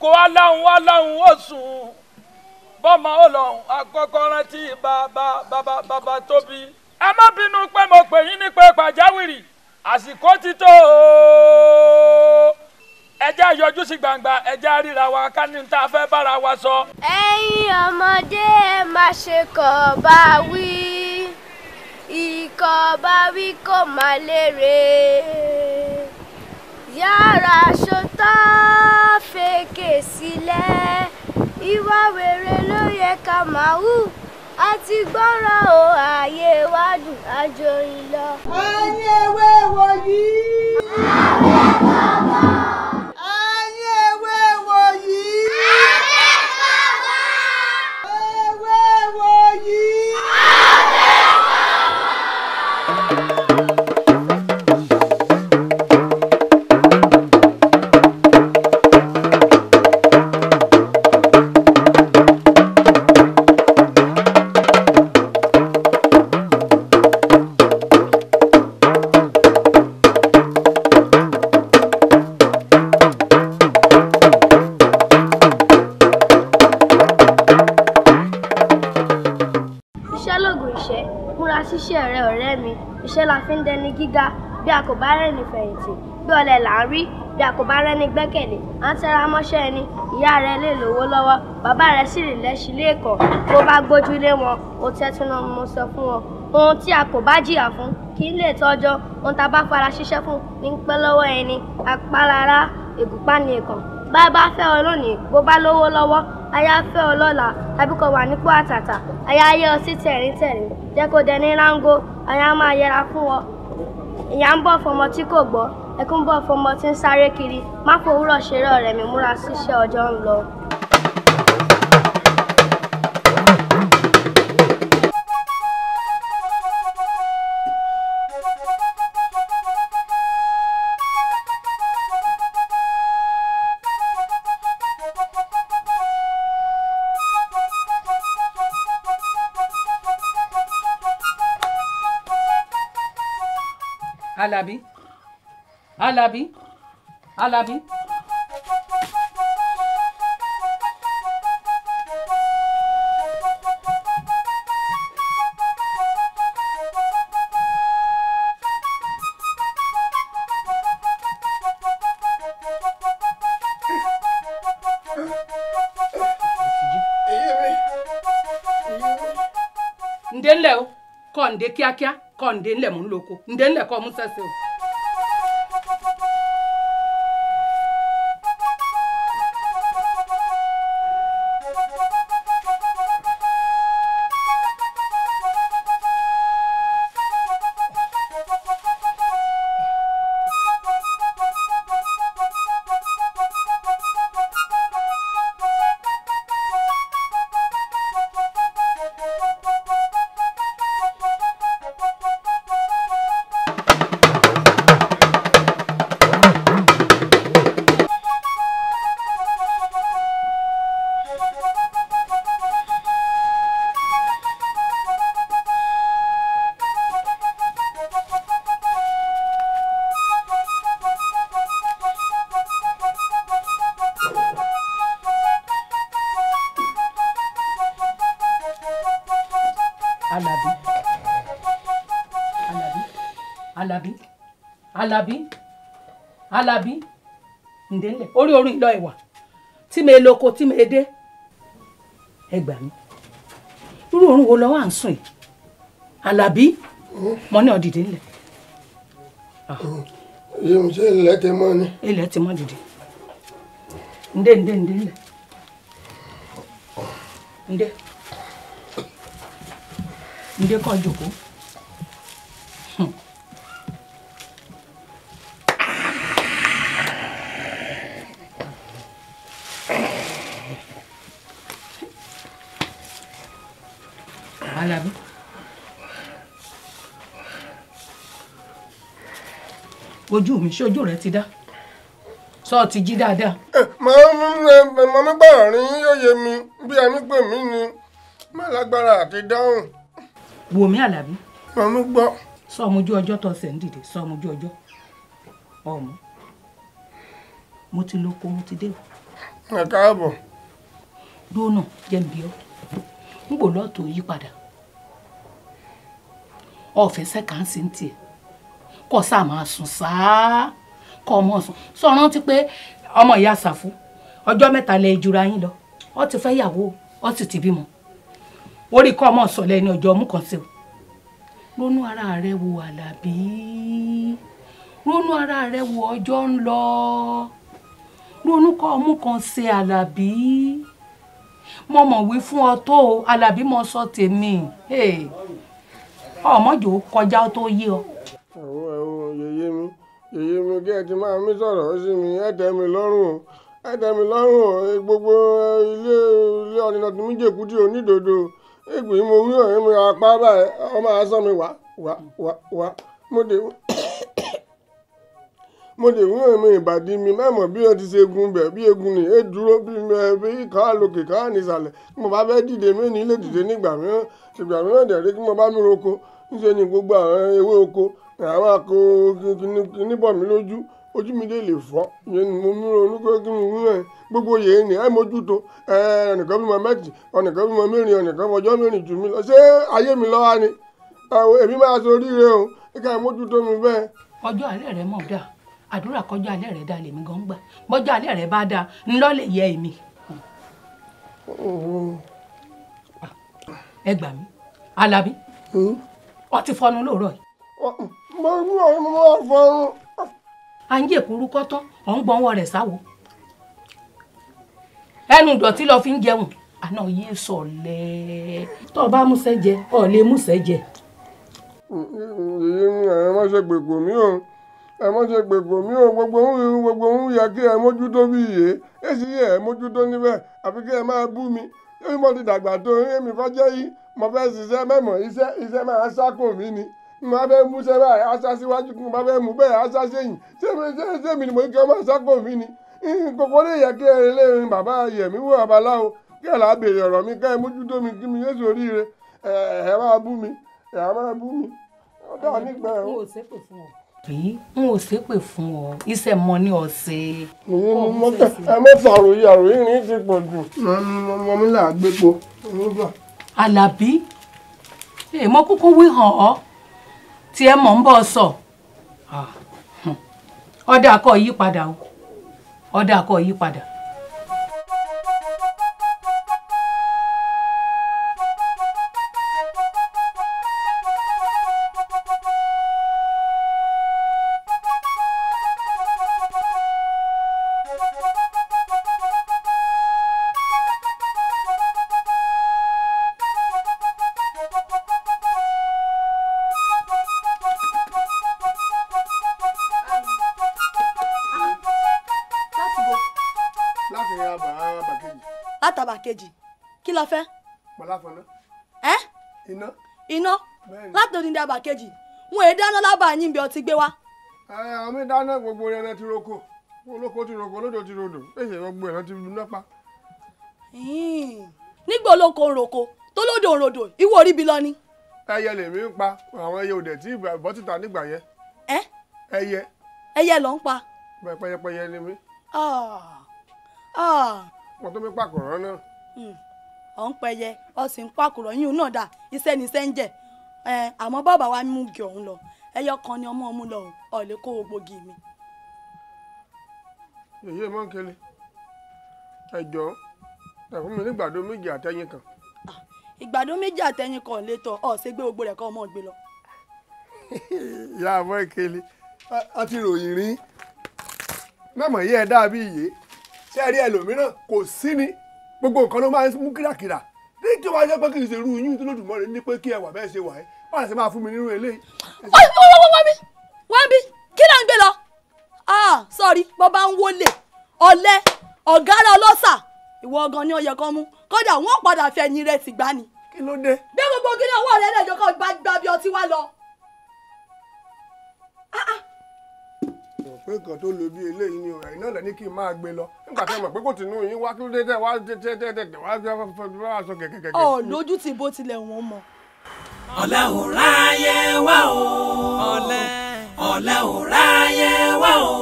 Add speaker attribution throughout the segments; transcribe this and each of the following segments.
Speaker 1: kó aláhùn aláhùn ó sùn bọ́mọ ó lọ́hùn tí bàbá bàbá bàbá tóbi. ẹ má bínú pé mo pè yín ní pé pàjáwìrì àsìkò ti tó o ẹjẹ́ àyọjú sí gbangba ẹjẹ́ àríra wa ká ní ta fẹ́ bára wa sọ.
Speaker 2: Ẹyin ọmọdé ẹ má ṣe kọ̀ bá
Speaker 3: wí ikọ̀ bá wí kò má lérè.
Speaker 2: yàrá ṣòtọ́ fèkè sílẹ̀ ìwà wèrè ló yẹ ká máa hù àti gbọ́ràn o ààyè wádùn àjòyìn lọ. ayé ewé wọ̀nyí.
Speaker 3: gíga bí a kò bá rẹ́ni fẹ̀yìntì bí ọ̀lẹ là ń rí bí a kò bá rẹ́ni gbẹ́kẹ̀lé à ń tẹra mọ́ṣẹ́ ẹni ìyá rẹ lè lówó lọ́wọ́ bàbá rẹ sì rìn lẹ́sìn lẹ́ẹ̀kan bó bá gbójú lé wọn ó tẹ́tún náà mo sọ fún wọn ohun tí a kò bá jìyà fún kì í lè tọ́jọ́ ohun tá a bá fara ṣiṣẹ́ fún ní pẹ́ lọ́wọ́ ẹni apálára ègùpá ni bá a bá fẹ́ ọ lónìí bó bá lówó lọ́wọ́ aya fẹ́ ọ lọ́la tàbí kò wà nípò àtàtà aya ayé ọ sí tẹ̀ríntẹ̀rín jẹ́ kó dẹni ráńgó aya máa yẹra fún ọ ìyà ń bọ̀ fọmọ tí kò gbọ́ ẹkún bọ̀ fọmọ tí ń sáré kiri má fòwúrọ̀ ṣeré ọ̀rẹ́ mi múra síṣẹ́ ọjọ́ ń lọ. Alabi, Alabi, Alabi. ǹdẹ́lẹ̀ o kọ́ ǹdẹ́ kíákíá kọ́ ǹdé ńlẹ̀ mò ń loko ǹdé ńlẹ̀ kọ́ mú sẹ́sẹ́ o. Alabi Alabi Alabi Alabi Alabi ǹdẹ́lẹ̀ orí orí ìlọ ìwà tí mi lóko tí mi dé ẹ gbà mí irú òórùn wo lọ́wọ́ à ń sùn yìí Alabi mo ní ọ̀dìdì ńlẹ̀. yìí ah. ń ṣe ilẹ̀ ti mọ́ ni. ilẹ̀ ti mọ́ dìde ǹdẹ́ ǹdẹ́ ǹdẹ́ ńlẹ̀ ǹdẹ́ ǹdẹ kọ́ jòkó. Alabi. Ojú mi ṣé ojú rẹ ti dá? Sọ ti jí dáadáa. Eh,
Speaker 4: Màmá eh, gbàrà rí yóò yé mi bí ẹni pè mí ni. Má lágbára àti dáhùn
Speaker 3: wò mí àlàbí. màmú gbọ́. sọ ọmọ ojú ọjọ́ tó ṣẹ̀ ń dìde sọ ọmọ ojú ọjọ́ ọmọ mo ti lọ kó mo ti dé o. ẹ káàbọ̀. dóná jẹ́ nbí ọ́ n kò lọ́ọ̀tọ̀ yí padà ọ̀fẹ́sẹ̀ kan sí ń tiẹ̀ kọ́ sáà máa sùn sáá kọ́ ọmọ sùn sọ rántí pé ọmọ ìyá ṣàfù ọjọ́ mẹ́ta lẹ yín lọ ó ti fẹ́ yàwó ó sì ti bímọ orí kọ́ ọmọ sọ̀lẹ̀ ní ọjọ́ ọmú kan sí o ronú ara rẹ wo àlàbí ronú ara rẹ wo ọjọ́ ń lọ ronú kọ́ ọmú kan sí àlàbí mo mọ̀ wí fún ọ tó o àlàbí mo sọ tèmi ọmọjò kọjá tó yé ọ. àwọn
Speaker 4: ẹ̀wọ̀n yèyé mi yèyé mi kí ẹ ti máa mí sọ̀rọ̀ sí mi ẹ tẹ́ mi lọ́rùn o ẹ tẹ́ mi lọ́rùn o gbogbo eh, ilé ilé ọ̀nìyàn tó mí jèkú tí o nídodo ègbè mo wí ọ̀rẹ́ mi apá báyìí ọmọ asán mi wá wá wá wá mo dé mo dé wúrò mi ìbàdí mi mẹ́mọ̀ bí o ti ṣe gun bẹ̀ bí egun ni e dúró bí bí ká lókè ká nísàlẹ̀ kí mo bá fẹ́ dìde mí ní ilé dìde nígbà mìíràn ìgbà mìíràn dẹ̀rẹ́ kí mo bá mi roko níṣẹ́ ni gbogbo àwọn ewé oko àwọn akọ kíní bọ̀ mí lójú ojú mi lè lè fọ́ ìyẹn ni mo múra olúkọ kí mi gbogbo yèé ni ẹ mójútó ẹnìkan bímọ mẹ́tì ọ̀nìkan bímọ mẹ́rin ọ̀nìkan fọjọ́ mẹ́rin jù mí lọ ṣé ayé mi
Speaker 3: lọ́wọ́ ni èmi máa sọ oríire o kíkà ẹ mójútó mi bẹ́ẹ̀. ọjọ́ alẹ́ rẹ mọ̀ dáa àdúrà kọjá alẹ́ rẹ dáa lèmi gan gbà rẹ bá lè yẹ èmi. ẹ gbà mí Alábí ọ ti fọnu yìí. mo ọ à ń yè kúrú kọ́ tán ọ̀ ń gbọ́n wọ rẹ̀ sáwo ẹnu ìdọ̀tí lọ fi ń jẹun àná yé sọ̀lẹ́ tó o bá múṣẹ́ jẹ ọ̀ lè múṣẹ́ jẹ. ẹ
Speaker 4: má ṣe gbègbò mí o ẹ má ṣe gbègbò mí o gbogbo ń rìn gbogbo ń yà kí ẹ mójútó bí iye ẹ sì yẹ ẹ mójútó níbẹ̀ àfi kí ẹ máa bú mi yóò mọ̀ ti dàgbà tó èmi fọ́jọ́ yìí mo fẹ́ ṣiṣẹ́ mẹ́mọ̀ iṣẹ́ iṣẹ́ máa ṣákò mí ni máa fẹ́ mú sẹ́ báyìí aṣá síwájú kí n máa fẹ́ mú bẹ́ẹ̀ aṣá sẹ́yìn sẹ́mi ni mo kí ọmọ àṣàkó mi ni kókó lè yẹ kí ẹ lè rin bàbá yẹ̀mí wò babaláwo kí ẹ là béèrè ọ̀rọ̀ mi ká ẹ mójútó mi kí mi yéṣu oríire ẹ máa bú mi ẹ máa bú mi ó dà nígbà ẹ. n
Speaker 3: ò ṣépè fún ọ. n mọ ní ọ̀sẹ̀. ẹ mọ́tò àròyé àròyé rìn ti pọ̀ jù mọ́ mi là á gbépo. Àlàbí èèmọ̀ kúkú wí hàn ọ́ tí ẹ mọ̀ ń bọ̀ sọ ah. ọ̀dà kọ̀ yí padà o ọ̀dà kọ̀ yí padà. bàbá kejì wọn èdè dáná lábàá yín bí ọtí gbé wá. àwọn mi
Speaker 4: dáná gbogbo ẹran ti roko olóko ti roko olódò ti rodò èyí gbogbo ẹran ti lu nápa. nígbà olóko ń roko tó lódò ń rodò ìwọ orí lọ ni. ẹyẹ lèmi ń pa àwọn ẹyẹ òdẹ tí ìbọn ti ta ẹ ẹyẹ. ẹyẹ ló ń pa. pẹyẹpẹyẹ ni wọn
Speaker 3: náà. ọ̀ pẹyẹ sì ń yín náà dà iṣẹ́ ni ẹ àmọ́ bàbá wa mú gé òun lọ ẹyọ kan ni ọmọ ọmú lọ ọ̀lẹ́ kó o gbòógì mi.
Speaker 4: èyí ẹ mọ n kele ẹ jọ ẹ fún mi ní ìgbàdo méjì àtẹyìn kan.
Speaker 3: ìgbàdo méjì àtẹyìn kan lè tọ ọ ṣe gbé gbogbo rẹ kọ ọmọ gbé lọ.
Speaker 4: ìyá àbọ̀ ìkele a ti ròyìn rí mẹ́mọ̀ yí ẹ dàbí iye ṣé ẹ rí ẹlòmíràn kò sí ni gbogbo nǹkan ló máa ń mú kíràkírà ní tí wàá jẹ́ pé kì í ṣe irú yín tó lódùmọ́ rẹ ní pé kí ẹ wà bẹ́ẹ̀ ṣe wà ẹ́
Speaker 3: wàá ṣe máa fún mi nínú eléyìí. wá wá kí ló ń gbé lọ ah sorry bó bá ń wọlé ọ̀lẹ ọ̀gára ọlọ́sà ìwọ ọgàn ni ọyẹ kan mú kódà wọn padà fẹ ẹyin rẹ ti gbani. kí ló dé. bí gbogbo gíní ọwọ́ rẹ lẹ́jọ́ kan gbá bí ọtí wá lọ.
Speaker 4: ah, ah pé nǹkan tó lo bí eléyìí ni ọ̀rẹ́ náà lẹ́ni kí n máa gbé lọ nígbà tẹ́ mọ̀ pé kò tìǹú yín wá kí ló wá tẹ́ tẹ́ tẹ́ tẹ́ wá tẹ́ wá sọ kẹ̀kẹ́kẹ́. ọ lójú
Speaker 3: ti bó tilẹ̀ wọ́n mọ̀.
Speaker 1: ọ̀lẹ ò ráyé wá o
Speaker 4: ọ̀lẹ ọ̀lẹ ò ráyé
Speaker 1: wá o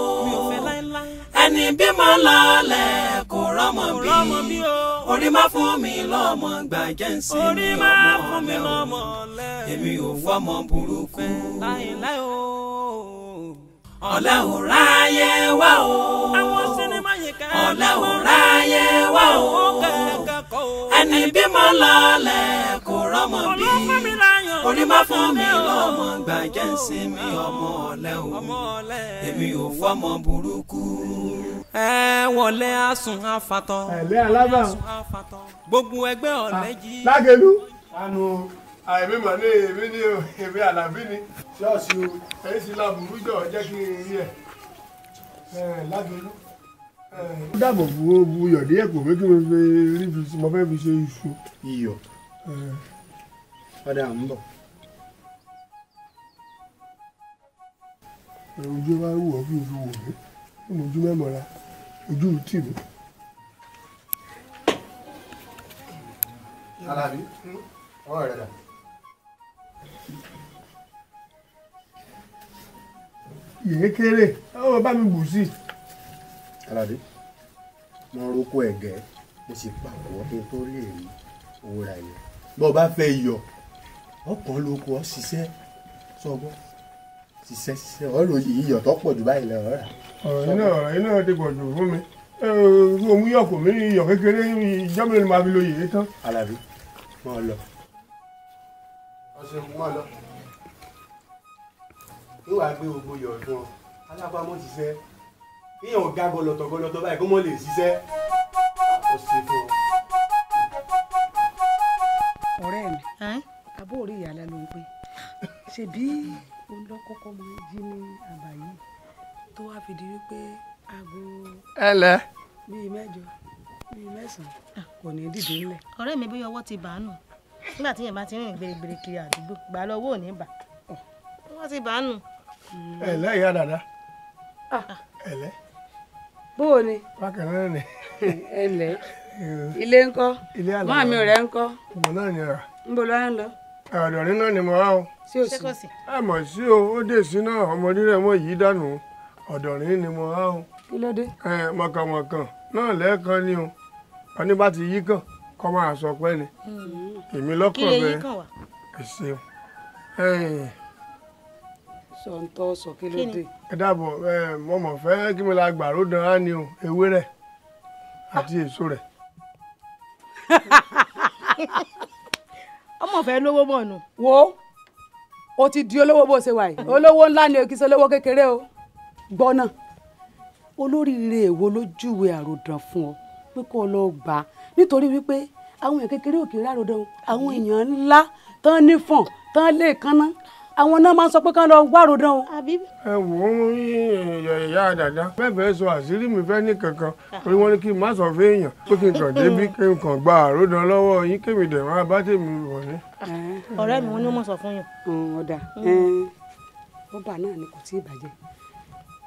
Speaker 1: ẹni bímọ lọlẹ̀ kò rọ́mọ bí orí má fún mi lọ́mọ gbàjẹ́ ń sin mi ọmọ ọ̀lẹ èmi ò fọmọ burúkú ọ̀lẹ́ ò ráyé wá o ọ̀lẹ́ ò ráyé wá o ẹni bímọ lọlẹ̀ kò rọ́mọ bí orí má fún mi lọ́mọ gbàjẹ́ ń sinmi ọmọ ọ̀lẹ́ o èmi ò fọmọ burúkú ẹ wọlé asun afatọ. ẹlẹ́ alábà.
Speaker 4: gbogbo ẹgbẹ́ ọ̀lẹ́jì. Ah, lágẹ̀lú àìmí mọ̀ ní èmi ní èmi àlàbí ni ṣọ́ọ̀ṣì o èyí sì lọ bùrú jọ jẹ́ kí n rí ẹ̀ lágbèlú. ó dàbọ̀ bu bu yọ̀dí ẹ̀pọ̀ pé kí mo fẹ́ rí fi mo fẹ́ fi ṣe iṣu.
Speaker 5: iyọ̀ padà ń bọ̀.
Speaker 4: ojú bá wù ọ́ kí n fi wò mí kí mo ojú mẹ́mọ́ra ojú tì mí.
Speaker 5: alábí ọ̀rẹ́ rẹ̀
Speaker 4: yèé kéré ọ bá mi bù sí.
Speaker 5: aládé mo roko ẹ̀gẹ́
Speaker 4: mo sì pàkó kí n tó rí èyí owó ra yẹn bó o bá fẹ́ yọ ọkàn lóko ọ ṣiṣẹ́ sọgbọ́n ṣiṣẹ́ ṣiṣẹ́ ọ lòye iyọ̀ tó pọ̀ jù báyìí lọ rà. ọ̀rọ̀ iná ọ̀rọ̀ iná ti pọ̀ jù fún mi fún omi yọ̀kọ̀ mi iyọ̀ kékeré ìjọba ni màá fi lo yèé tán.
Speaker 5: aládé mo lọ
Speaker 4: ọ̀sẹ̀ mọ́ lọ. níwàá gbé gbogbo yọ̀ fún ọ alábàámọ̀ ti fẹ́ kíyàn ọ̀gá gọlọ̀tọ̀gọlọ̀tọ̀ báyìí kó mọ̀ lè ṣiṣẹ́ ọ̀sẹ̀
Speaker 2: fún ọ.
Speaker 3: ọ̀rẹ́ mi àbó orí ìyàlá ló ń pè ṣèbí olókọ́kọ́ mo jí ní àbá yìí tó wá fi di wípé aago. ẹ lẹ. bíi mẹ́jọ bíi mẹ́sàn-án
Speaker 4: kò ní dìde nílẹ̀.
Speaker 3: ọ̀rẹ́ mi bóyá ọwọ́ ti bàánù nígbà tí yẹn bá ti rìn gbèrègbèrè kiri àdúgbò gbà lọ́wọ́ ò ní bà wọ́n ti bà á nù. ẹ̀lẹ́ ìyá dàda
Speaker 4: ah. ẹ̀lẹ́. bó ni. bákan náà ni. ẹ̀lẹ́ ilé ńkọ́ máa mi rẹ̀ ńkọ́. ọmọ náà ni ra. ń bolo á ń lọ. ọ̀dọ̀ ní náà ni mo wá o. sí o ẹ mọ̀ sí o ó dé sí náà ọmọdé rẹ̀ mọ̀ yìí dànù ọ̀dọ̀ ní ni mo wá o. kí ẹ mọ̀kànmọ̀kàn náà lẹ́ẹ̀kan ni o ọní bá ti yí kàn kọ́ máa sọ pé ni.
Speaker 2: Hmm èmi lọ́kàn bẹ́ẹ̀ kí lè yí kàn wá.
Speaker 4: ẹ
Speaker 3: ṣeun sọ ń tọ́ sọ kí
Speaker 2: ló dé.
Speaker 4: ẹ dáàbọ̀ mo mọ̀ fẹ́ kí mo la gbàrú dán ni o ewé rẹ̀ àti èso rẹ̀.
Speaker 3: ọmọ fẹ́ lówó bọ̀ nù. wo o ti di olówó bó ṣe wà yìí olówó ńlá ni o kì í ṣe olówó kékeré o gbọ́ olóríire èwo ló júwe àròdàn fún ọ pé kó o lọ gbà á nítorí wípé àwọn èèyàn kékeré òkè rárodán àwọn èèyàn ńlá tán nífọ̀n tán lè kánná àwọn náà máa ń sọ pé kán lọ wáròdán o. ẹ wò ó
Speaker 4: ìyá àdàdà bẹ́ẹ̀ bẹ́ẹ̀ sọ àṣírí mi fẹ́ ní kankan torí wọ́n ní kí n má sọ fẹ́ẹ̀yàn pé kí n kàn débi kí n kàn gba àròdán lọ́wọ́ yín kémi dẹ̀ máa bá tèmi wọ̀ ní.
Speaker 3: ọ̀rẹ́ mi wọn ni ó mọ̀ sọ fún yàn. ọ̀dà ọba mm. náà ni kò tí ì bàjẹ́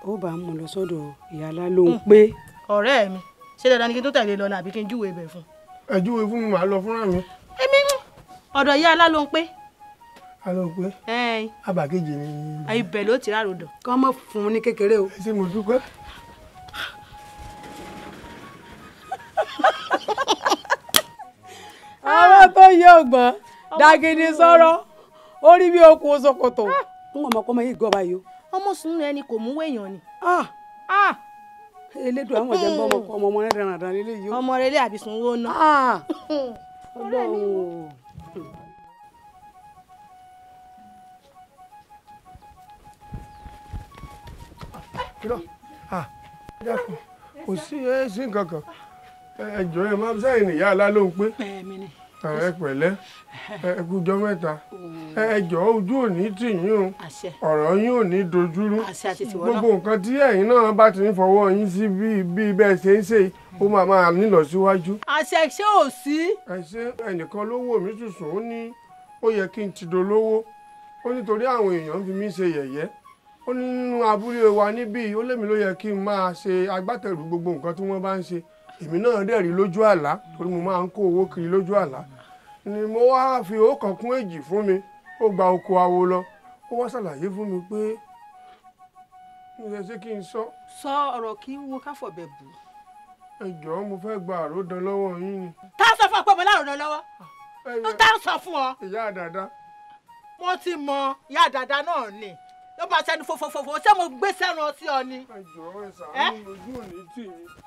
Speaker 3: ó bá ń mú lọ sọ́dọ̀ ìyá alálóhùn mm. pé. ọ̀rẹ́ mi ṣé dandan ni kí n tó tẹ̀lé lọ ní àbí kí n júwèé bẹ̀ fún un. ẹjúwe fún mi màá lọ fúnra mi. èmi ọ̀dọ̀ ìyá alá ń pé. a ń pé. abàkejì ni. ibẹ̀ ló ti kí wọ́n fún un ní kékeré o. ẹ ṣe mo dúpẹ́. ara tó yẹ ọgbọ́n dagidi sọ̀rọ̀ orí bí okùn n kò ah! mọ̀ yìí gbọ́ báyìí o. ọmọ sùn ni kò mú wẹ̀yàn ah! Ah! elédùn àwọn ọ̀jẹ̀ ń bọ́ ọmọkọ ọmọ ọmọ rẹ̀ ràn lé yìí. ọmọ rẹ̀ lé àbísùn owó ná. Ah! ọlọ́run o.
Speaker 4: Ah! kìlọ̀ kò sí ẹ̀ sí nǹkan kan ẹ̀jọ̀ ẹ̀ máa ń sáyẹn nìyá alá ló ń pé. ẹ̀mí ni ẹ pẹ̀lẹ́ ẹ kújọ́ mẹ́ta ẹ jọ ojú òní tì yín o ọ̀rọ̀ yín ò ní dojúrú gbogbo nǹkan tí ẹ̀yin náà bá ti ń fọwọ́ yín sí bíi bíi bẹ́ẹ̀ ṣe ń ṣe ó máa máa nílọsíwájú. àṣẹ ṣé ò sí. ẹ ẹnìkan ló wò mí ó ní ó yẹ kí n ti dolówó ó nítorí àwọn èèyàn fi mí ṣe yẹ̀yẹ́ ó nínú abúlé wa níbí ó lémi ló yẹ kí n máa ṣe agbátẹrù gbogbo nǹkan tí wọ́n bá ń ṣe èmi náà dẹ̀ rí lójú àlá torí mo máa ń kó owó kiri lójú àlá ni mo wá fi owó kan kún èjì fún mi ó gba oko awo lọ ó wá ṣàlàyé fún mi pé
Speaker 3: mo ṣe ṣé kí n sọ. sọ ọ̀rọ̀ kí n wo káfọ̀bẹ̀ bù.
Speaker 4: ẹ jọ̀ọ́ mo fẹ́ gba àròdàn lọ́wọ́
Speaker 3: yín ni. tá a sọ fún ọ pé mo láròdàn lọ́wọ́ ah, tá a sọ fún ọ. ìyá àdàdà. mo ti mọ ìyá àdàdà náà ni ló bá sẹ́nu fòfòfòfò ṣé mo gbé sẹ́nu ọtí ọ ni.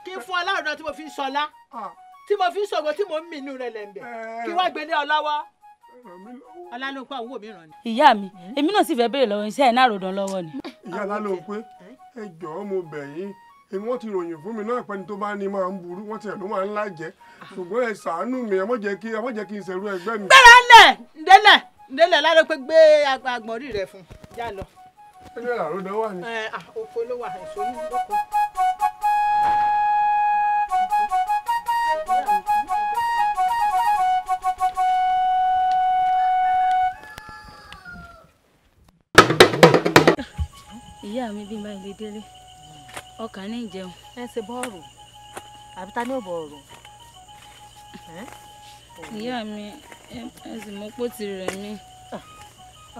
Speaker 3: kí fún ọ náà tí mo fi ń sọlá tí mo fi ń sọ̀gbọ́n tí mo ń mìínú rẹ̀ lẹ́ǹbẹ̀ kí wá gbélé ọ lọ́wọ́ alálòpọ̀ àwọn mi ràn ní. ìyá mi èmi náà sì fẹ́ béèrè lọ́wọ́ iṣẹ́ ẹ̀ náà ròdàn lọ́wọ́ ni. ìyá alálòpẹ́ ẹ
Speaker 4: jọ̀ọ́ mo bẹ̀ yín èmi wọ́n ti ròyìn fún mi náà pẹ́ni tó bá ní máa ń burú wọ́n tiẹ̀ ló máa ń lájẹ́ ṣùgbọ́n ẹ ṣàánú mi ẹ má jẹ́ kí ẹ má jẹ́ kí n ṣerú ẹgbẹ́ mi. gbẹ́rẹ́ ńlẹ̀ ńdẹ́lẹ̀ ńdẹ́lẹ̀ lálọ́pẹ́
Speaker 3: gbé agbọ̀nrín rẹ̀ fún yá
Speaker 4: lọ ó jẹ́ àròdọ wà ní. òfò ló wà èso
Speaker 2: ní lóko.
Speaker 3: ìyá mi bí máa lè délé ọkàn ní ìjẹun. ẹ ṣe bọ́ọ̀rù àbí ta ní òbọ̀ọ̀rù. ìyá mi ẹ sì mọ́ pò rẹ̀ mí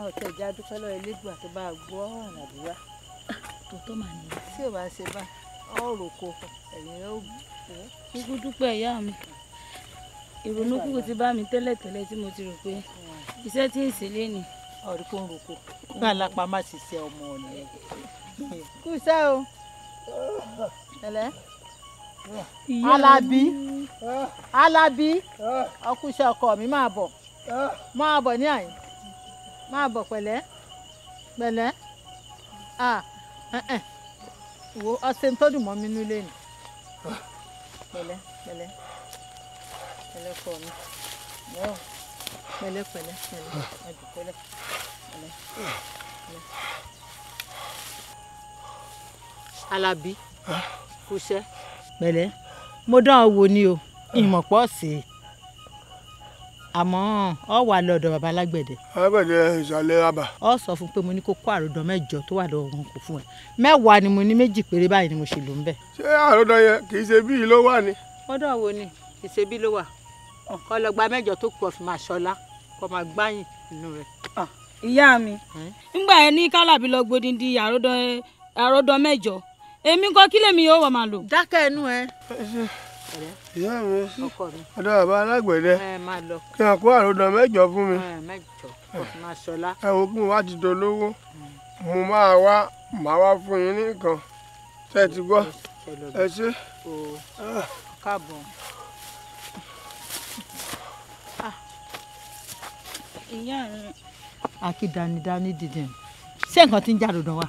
Speaker 3: àwọn ọ̀tẹ̀ ìjà dúpẹ́ lọ́wọ́ elégbà tó bá gbọ́ ọ̀ràn àdúrà. tòótọ́ màá ní. tí ò bá ṣe bá ọ̀rọ̀ kò ẹ̀yìn rẹ̀ ó bù. kúkú dúpẹ́ ìyá mi ìrònú kúkú ti bá mi tẹ́lẹ̀tẹ́lẹ̀ tí mo ti rò pé iṣẹ́ tí ń ṣe lé ni. ọ̀rẹ́ kò ń roko nígbà lápá má ṣiṣẹ́ ọmọ nìyẹn. kú iṣẹ́ o ẹlẹ́ alábí alábí ọkùnṣe ọkọ mi máa bọ̀ máa bọ̀ ní àyín máa bọ̀ pẹ̀lẹ́ pẹ̀lẹ́ à ẹ̀ẹ́n wo ọsẹ tó dùn mọ́ mi nílé ni pẹ̀lẹ́ pẹ̀lẹ́ pẹ̀lẹ́ kọ mi lọ́wọ́ pẹ̀lẹ́ pẹ̀lẹ́ pẹ̀lẹ́ ọdún pẹ̀lẹ́ pẹ̀lẹ́ pẹ̀lẹ́. Alábí kò ṣe. pẹ̀lẹ́ mo dán ọ wò ni o ìmọ̀pọ̀ sí i àmọ́ ọ wà lọ́dọ̀ baba alágbẹ̀dẹ. alágbẹ̀dẹ ìsàlẹ̀ abà. ọ sọ fún pé mo ní kó kó àròdàn mẹ́jọ tó wà lọ́wọ́ wọn kò fún ẹ mẹ́wàá ni mo ní méjì péré báyìí ni mo ṣe lò ń bẹ̀. ṣé àròdàn yẹn kì í ṣe bíi ló wà ni. ọ̀dọ̀ wo ni kì í ṣe bíi ló wà kó lọ gba mẹ́jọ tó kù ọ̀fìn máa ṣọlá kó máa gbáyìn inú rẹ̀. Ah, ìyá mi ńgbà ẹ ní kálábì lọ gbódindi àròdàn mẹ́jọ èmi kọ́ kílèmi yóò wọ̀ máa lò. dákẹ́ ẹnu ẹ ìyá mi
Speaker 4: ọ̀dọ̀ bàbá alágbẹ̀dẹ kí n kó àròdàn mẹ́jọ fún mi ẹ wo kí mo wá ti dolówó mo máa wá màá wá fún yín ní nǹkan tẹ́ ẹ ti gbọ́ ẹ ṣe.
Speaker 3: káàbọ̀ ah. ìyá rẹ. akídanidani dìde ṣé nǹkan tí ń jà ròdàn wa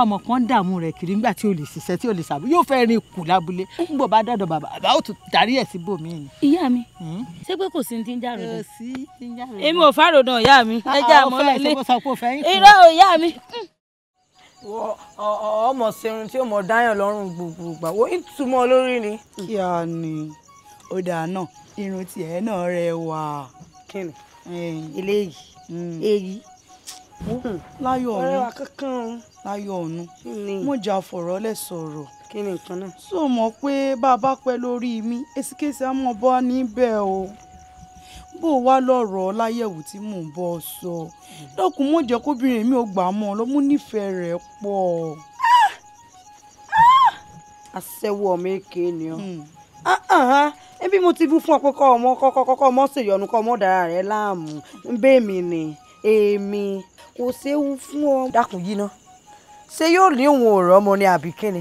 Speaker 3: ọmọ kan dààmú rẹ̀ kiri nígbà tí o lè ṣiṣẹ́ tí o lè ṣàbò yóò fẹ́ rin kù lábúlé ń eh. bọ̀ bá dọ̀dọ̀ bàbá bàbá ó tún darí ẹ̀ sí bòmí ni. ìyá mi hmm? ṣé pé kò sí ní ti ń jà ròdàn. kò sí ti ń jà ròdàn. èmi ò fáròdàn ìyá mi ah, ẹ jẹ́ ah, àmọ́ ilé irọ́ ìyá mi ọmọ serun tí ó mọ dáyàn lọ́rùn gbogbogbà wo ìtumọ̀ lórí ni. kí a ní ó dáa náà irun tiẹ̀ náà rẹwà. kí ni eléyìí hmm. èyí láyọ̀ mi. ọ̀rẹ́ wa kankan láyọ̀ ọ̀nù mo jà fọ̀rọ̀ lẹ̀ sọ̀rọ̀ kí ni nǹkan náà. so mọ̀ pé bá a bá pẹ́ lórí mi èsìkèsì á mọ̀ bọ́ níbẹ̀ o bó o wá lọ́rọ̀ láyẹ̀wò tí mò ń bọ́ ọ sọ lọ́kùn mo jẹ́ kóbìnrin mi ò gbà mọ́ ọ lọ́mú nífẹ̀ẹ́ rẹ̀ pọ̀. aṣẹ́wó ọmọ èké ni ọ hmm. ẹbí mo ti bú fún ọ pé kọ́ ọmọ kọ́kọ́ ọmọ ṣèyọnu kọ́ ọmọ dára rẹ̀ láàmú ń bẹ́ẹ̀ mi ni èmi kò séwu fún ọ. dákun yìí náà ṣé yóò ní òun ò rọ́mọ ni àbí kíni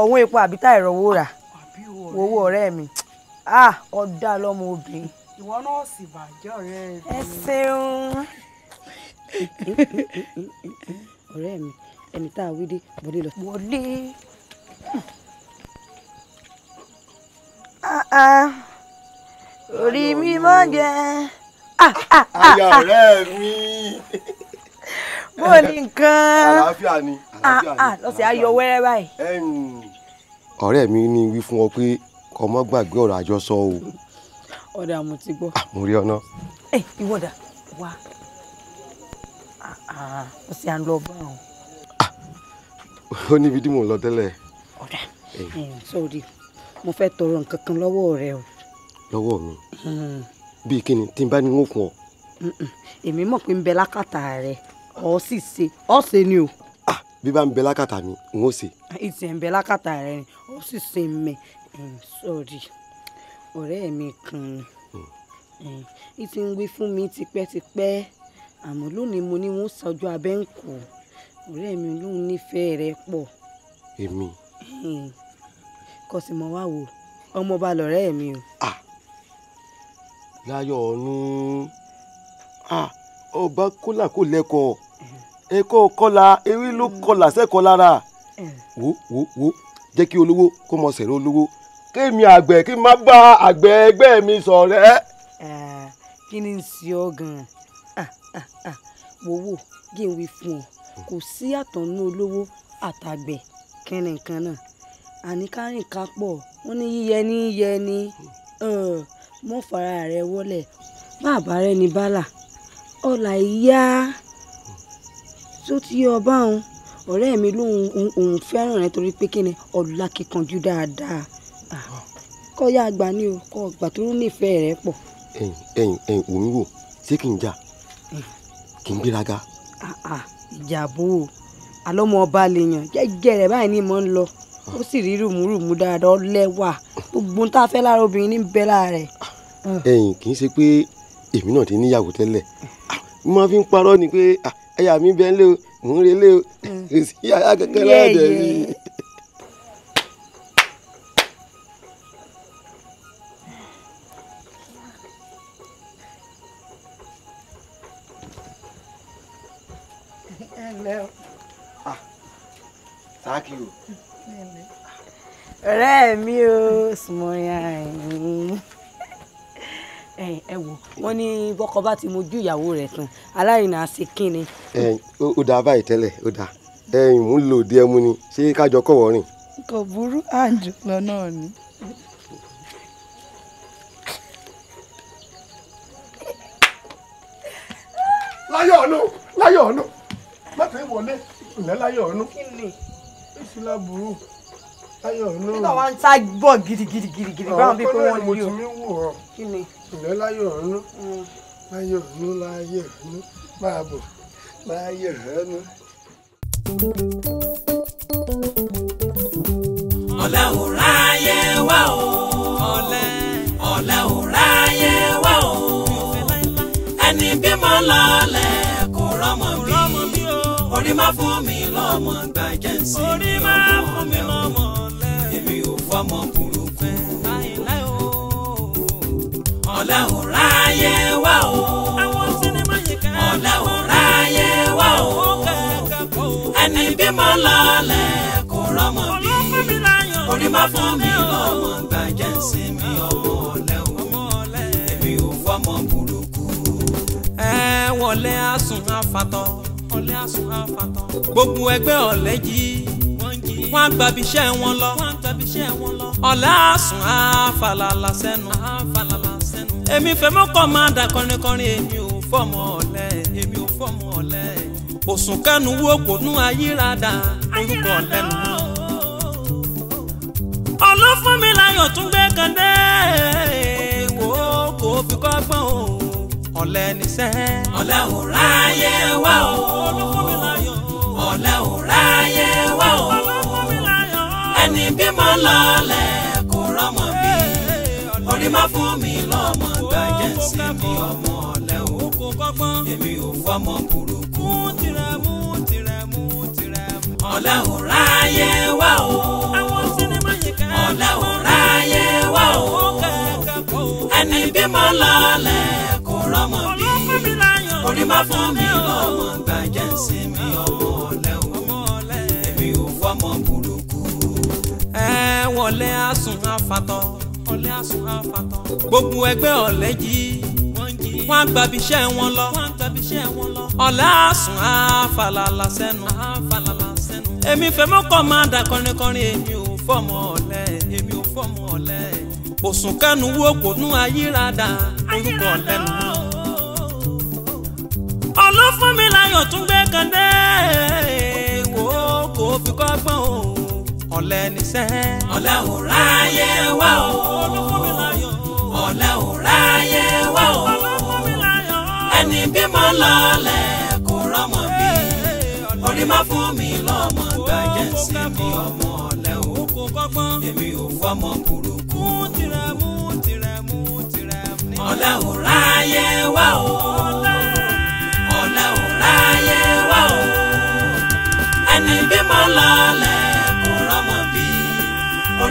Speaker 3: ọ̀hún epo àbí tá ìrọ̀wó rà ah, owó ọ̀rẹ́ mi ọ̀dà ah, lọ́mọ obìnrin. ìwọ náà sì bàjẹ́ ọ̀rẹ́ rẹ. ẹ ṣeun. ọ̀rẹ́ mi ẹni tá a wí dé wọlé lọ. wọlé.
Speaker 2: Ah, orí mi máa jẹ. àyà
Speaker 5: ọ̀rẹ́ mi bó o ní nǹkan. àlàáfíà ni àlàáfíà ni ah, ah, lọ́sẹ̀
Speaker 3: ayọ̀ wẹ́rẹ́ báyìí.
Speaker 5: ọ̀rẹ́ mi ní wí fún ọ pé kó má gbàgbé ọ̀rọ̀ àjọsọ o.
Speaker 3: ọ̀dà mo ti gbọ́. àmúrí ah, ọ̀nà. ẹ ìwọ́dà wá ọ̀sẹ̀ à ń lọ bá wọn.
Speaker 5: ó níbi tí mò ń lọ tẹ́lẹ̀. ọ̀dà
Speaker 3: sọ́ọ̀dì mo fẹ́ tọrọ nǹkan kan lọ́wọ́ rẹ o.
Speaker 5: lọ́wọ́ mi hmm. bíi kí ni tí n bá ní ń wò fún ọ.
Speaker 3: èmi mọ̀ pé ń bẹ lákàtà rẹ ọ sì ṣe ọ ṣe ni o.
Speaker 5: Ah, bí bá ń bẹ lákàtà mi n ó ṣe.
Speaker 3: Ah, ìtì ń bẹ lákàtà rẹ ni ó sì ṣe mẹ sọrí ọ̀rẹ́ mi
Speaker 2: kan ni
Speaker 3: ìtì hmm. ń gbé fún mi tipẹ́tipẹ́ àmọ́ lónìí mo ní wọ́n sọjọ́ abẹ́ ń kú ọ̀rẹ́ mi lóun nífẹ̀ẹ́ rẹ pọ̀. èmi. kọsìmọ̀ wá wò ọmọọba lọ̀rẹ́ mi o. Ah,
Speaker 5: láyọ̀ ọ̀nù. Ah ọba kọ́là kò lẹ́kọ̀ọ́ ẹ̀kọ́ kọ́là eré ló kọ́là sẹ́kọ̀ọ́ lára wo wo wo jẹ́ kí olówó kó mọ sẹ̀rẹ̀ olówó kémi àgbẹ̀ kí n má bá àgbẹ̀ ẹgbẹ́ mi ṣọ̀rẹ́.
Speaker 3: kí ni ń ṣe ọ gan-an ah, ah, ah. wo wo kí n wí fún ọ kò sí àtọ̀nú olówó àtàgbẹ̀ kẹ́ni nǹkan náà àníkárìn kápọ̀ wọn ní yíyẹ ní yẹ ni mọ́ fara rẹ wọlé bàbá rẹ ní bálà ọ̀là ìyá tó ti yọ ọba òun ọ̀rẹ́ mi lóun òun fẹ́ràn rẹ torí pé kíni ọ̀la kíkanjú dáadáa kọ́ yá àgbà ni o kọ́ ọgbà tó nífẹ̀ẹ́ rẹ pọ̀.
Speaker 5: ẹ̀yin ẹ̀yin ẹ̀yin òun wò ṣé kì í jà kì í gbéraga.
Speaker 3: ìjàbọ̀ o àlọ́mọ ọba lèèyàn jẹ́jẹ́ rẹ̀ báyìí ni mò ń lọ ó sì rí rùmùrùmù dáadáa ọlẹ́wà gbogbo ń tá fẹ́ lára obìnrin ní bẹ́ẹ̀ lára rẹ̀.
Speaker 5: ẹ̀yin kì í ṣe pé èmi náà ti níyàwó tẹ́lẹ̀ mo máa fi ń parọ́ ni pé ẹ̀yà mi bẹ́ẹ̀ lé o mò ń relé o mm. kò sí yàrá kankan láàdẹ̀ mi.
Speaker 3: ọ̀rẹ́ mi ò sùnmọ́ yàrá yìí ẹ wò wọn ní bọ́kọ bá ti mojú ìyàwó rẹ̀ tán aláìní àṣẹ kínni.
Speaker 5: ẹ ó dáa báyìí tẹ́lẹ̀ ó dáa ẹyìn ń lò dé ẹmu ni ṣé kájọ kọ̀wọ́ rìn.
Speaker 3: kò burú àjò lọ́nà ni. láyọ̀ ọ̀nù
Speaker 4: láyọ̀ ọ̀nù mọ́tò ìwọlé ìlẹ̀ láyọ̀ ọ̀nù ìṣúná burú
Speaker 3: láyọ̀ ọ̀nù. nígbà wọn ń sá gbọ́ gidigidi báwọn bí kò wọ́n lè rí
Speaker 4: kí ni ìlú láyọ̀ ọ̀nú láyọ̀ ọ̀nú láyọ̀ ọ̀nú máa bọ̀
Speaker 5: láyọ̀ ọ̀nú. ọ̀lẹ́ ò ráyé wá o ọ̀lẹ́ ọ̀lẹ́
Speaker 1: ò ráyé wá o ẹni bímọ lọ́lẹ̀ kò rọ́mọ bí orí má fún mi lọ́mọ gbàjẹ́ sí ọmọ ọmọ èmi ò fọmọ burúkú ọ̀la ò wá o. ọ̀la ò ráyé wá o. ẹni bímọ lọlẹ̀ kò rọmọ bí. orí má fún mi lọ́mọ gbàjẹ́ sí mi ọmọ ọ̀lẹ́ òun. èmi ò fọmọ burúkú. ẹ wọlé asùn afatọ gbogbo ẹgbẹ́ ọ̀lẹ́ jí wọ́n á gbàbíṣẹ́ wọn lọ iṣẹ́ wọn lọ. ọ̀la àsùn àfàlàlà sẹ́nu. àfàlàlà sẹ́nu. èmi fẹ́ mọ́ kọ́ máa da kọrinkọrin èmi ò fọ́mọ ọ̀lẹ èmi ò fọ́mọ ọ̀lẹ. òsùn kẹ́nu wo kònú ayírada orúkọ lẹ́nu. ọlọ́fúnmilayọ̀ tún gbé kan wo kò fi kọ́ gbọ́n o ọ̀lẹ níṣẹ́. ọ̀lẹ ò ráyé wá o ọlọ́fúnmilayọ̀ ọ̀lẹ ò ráyé wá o ẹni bímọ lọlẹ̀ kò rọ́mọ bí orí má fún mi lọ́mọ gbàjẹ́ sí mi ọmọ ọ̀lẹ́ o èmi ò fọmọ burúkú ọ̀lẹ́ ò ráyé wá o ọ̀lẹ́ ò ráyé wá o ẹni bímọ
Speaker 2: lọlẹ̀ kò
Speaker 1: rọ́mọ bí orí má fún mi lọ́mọ gbàjẹ́ sí mi ọmọ ọ̀lẹ́ o. ẹ wọlé àsùn àfàtàn wọlé àsùn àfàtàn gbogbo ẹgbẹ́ ọ̀lẹ́ jí wọ́n á gbàbí iṣẹ́ wọn lọ ọ̀lẹ́ àsùn àfàlàlà sẹ́nu èmi fẹ́ mọ́ kọ́ máa dà kọrinkọrin èmi ò fọ́mọ ọ̀lẹ́ èmi ò fọ́mọ ọ̀lẹ́ òsùn kẹ́nu wo kònú ayírada orúkọ lẹ́nu olúfúnmi láyọ̀ tún gbé kan dé kò fi kọ́ gbọ́n o ọ̀lẹ níṣẹ́. ọ̀lẹ ò ráyè wá o. ọ̀lẹ ò ráyè wá o. ẹni bímọ lọlẹ̀ kò rọ́mọ bí. orí má fún mi lọ́mọ gbàjẹ́ sí mi ọmọ ọ̀lẹ o. èmi ò fọmọ burúkú. ọ̀lẹ ò ráyè wá o. ọ̀lẹ ò ráyè wá o. ẹni bímọ lọlẹ̀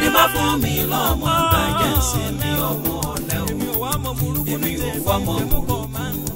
Speaker 1: torí má fún mi lọ́mọ gbàjẹ́ sí mi ọmọ ọ̀lẹ́ o èmi ò wá mọ̀ burúkú